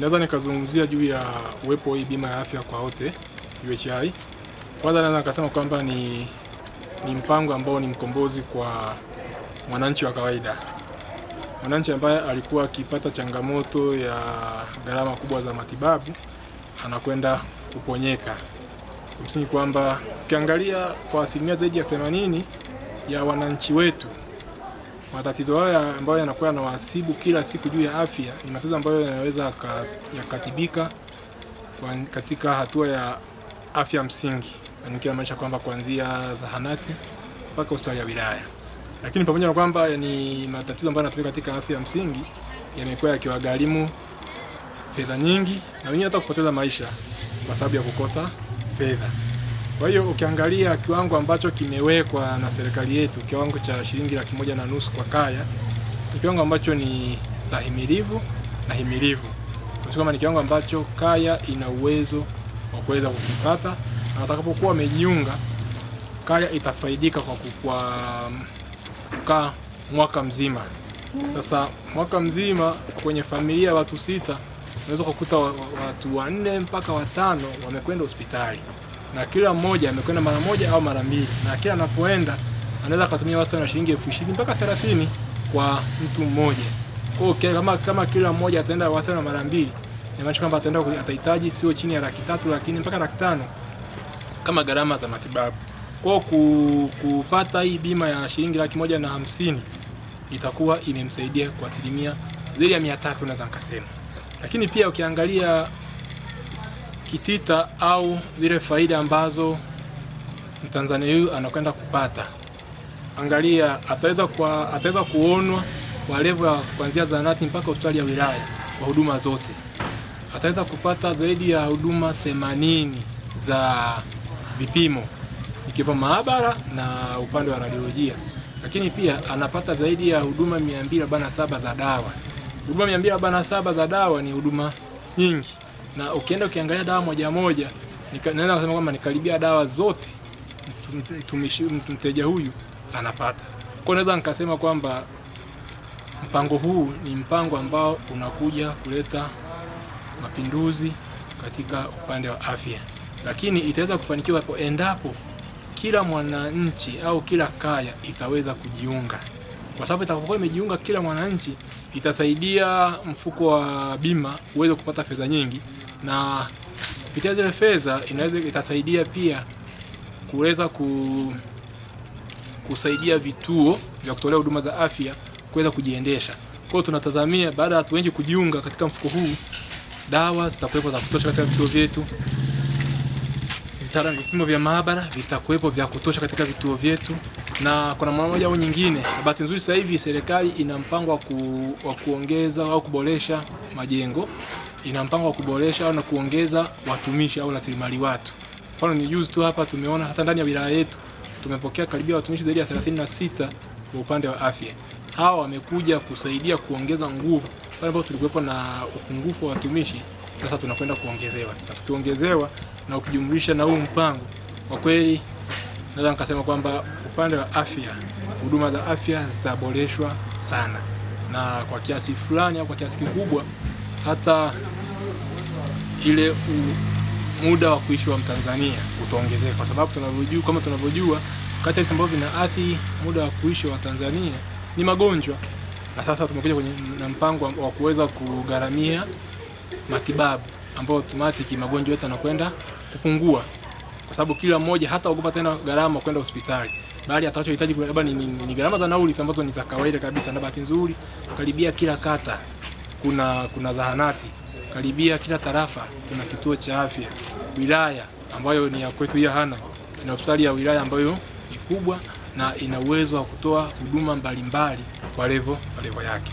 naweza nikazungumzia juu ya uwepo wa hii bima ya afya kwa wote UHI. Kwanza naweza nikasema kwamba ni, ni mpango ambao ni mkombozi kwa mwananchi wa kawaida, mwananchi ambaye alikuwa akipata changamoto ya gharama kubwa za matibabu anakwenda kuponyeka. msingi kwamba ukiangalia kwa asilimia zaidi ya 80 ya wananchi wetu matatizo haya ambayo yanakuwa yanawasibu kila siku juu ya afya ni matatizo ambayo yanaweza yakatibika katika hatua ya afya msingi, nikimaanisha kwamba kuanzia zahanati mpaka hospitali ya wilaya. Lakini pamoja na kwamba ni matatizo ambayo yanatumika katika afya msingi, yamekuwa yakiwagharimu fedha nyingi na wengine hata kupoteza maisha kwa sababu ya kukosa fedha. Kwa hiyo ukiangalia kiwango ambacho kimewekwa na serikali yetu, kiwango cha shilingi laki moja na nusu kwa kaya, ni kiwango ambacho ni stahimilivu na himilivu, kama ni kiwango ambacho kaya ina uwezo wa kuweza kukipata, na watakapokuwa wamejiunga, kaya itafaidika kwa mm, kukaa mwaka mzima. Sasa mwaka mzima kwenye familia watu sita, unaweza kukuta watu wanne mpaka watano wamekwenda hospitali na kila mmoja amekwenda mara moja au mara mbili, na kila anapoenda anaweza akatumia wastani wa shilingi elfu ishirini mpaka thelathini kwa mtu mmoja. Kwa hiyo kama, kama kila mmoja ataenda wastani mara mbili, inamaanisha kwamba ataenda atahitaji sio chini ya laki tatu lakini mpaka laki tano kama gharama za matibabu. Kwa ku, kupata hii bima ya shilingi laki moja na hamsini itakuwa imemsaidia kwa asilimia zaidi ya mia tatu naweza nikasema, lakini pia ukiangalia kitita au zile faida ambazo Mtanzania huyu anakwenda kupata. Angalia, ataweza kwa ataweza kuonwa kwa level ya kuanzia zahanati mpaka hospitali ya wilaya kwa huduma zote. Ataweza kupata zaidi ya huduma 80 za vipimo ikiwa maabara na upande wa radiolojia, lakini pia anapata zaidi ya huduma 247 za dawa. Huduma 247 za dawa ni huduma nyingi na ukienda ukiangalia dawa moja moja, naweza kusema kwamba nikaribia dawa zote mteja huyu anapata. Kwa naweza nikasema kwamba mpango huu ni mpango ambao unakuja kuleta mapinduzi katika upande wa afya, lakini itaweza kufanikiwa hapo endapo kila mwananchi au kila kaya itaweza kujiunga, kwa sababu itakapokuwa imejiunga kila mwananchi, itasaidia mfuko wa bima uweze kupata fedha nyingi na kupitia zile fedha inaweza itasaidia pia kuweza kusaidia vituo vya kutolea huduma za afya kuweza kujiendesha. Kwa hiyo tunatazamia baada ya watu wengi kujiunga katika mfuko huu, dawa zitakuwepo za kutosha katika vituo vyetu, vipimo vya maabara vitakuwepo vya kutosha katika vituo vyetu, na kuna mama moja au nyingine. Bahati nzuri sasa hivi serikali ina mpango wa kuongeza au kuboresha majengo ina mpango wa kuboresha au na kuongeza watumishi au rasilimali watu. Mfano ni juzi tu hapa tumeona hata ndani ya wilaya yetu tumepokea karibia watumishi zaidi ya 36 kwa upande wa afya. Hawa wamekuja kusaidia kuongeza nguvu pale ambapo tulikuwepo na upungufu wa watumishi, sasa tunakwenda kuongezewa, na tukiongezewa na ukijumlisha na huu mpango, kwa kweli naweza nikasema kwamba upande wa afya, huduma za afya zitaboreshwa sana na kwa kiasi fulani au kwa kiasi kikubwa hata ile u, muda wa kuishi wa Mtanzania utaongezeka, kwa sababu tunavyojua, kama tunavyojua, kati ya vitu ambavyo vinaathiri muda wa kuishi wa Tanzania ni magonjwa, na sasa tumekuja kwenye na mpango wa kuweza kugharamia matibabu ambayo automatic magonjwa yote yanakwenda kupungua, kwa sababu kila mmoja hata ogopa tena gharama kwenda hospitali bali atakachohitaji labda ni, ni, ni gharama za nauli ambazo ni za kawaida kabisa, na bahati nzuri karibia kila kata kuna kuna zahanati karibia kila tarafa kuna kituo cha afya. Wilaya ambayo ni ya kwetu ya Hanang' ina hospitali ya wilaya ambayo ni kubwa na ina uwezo wa kutoa huduma mbalimbali kwa levo kwa levo yake.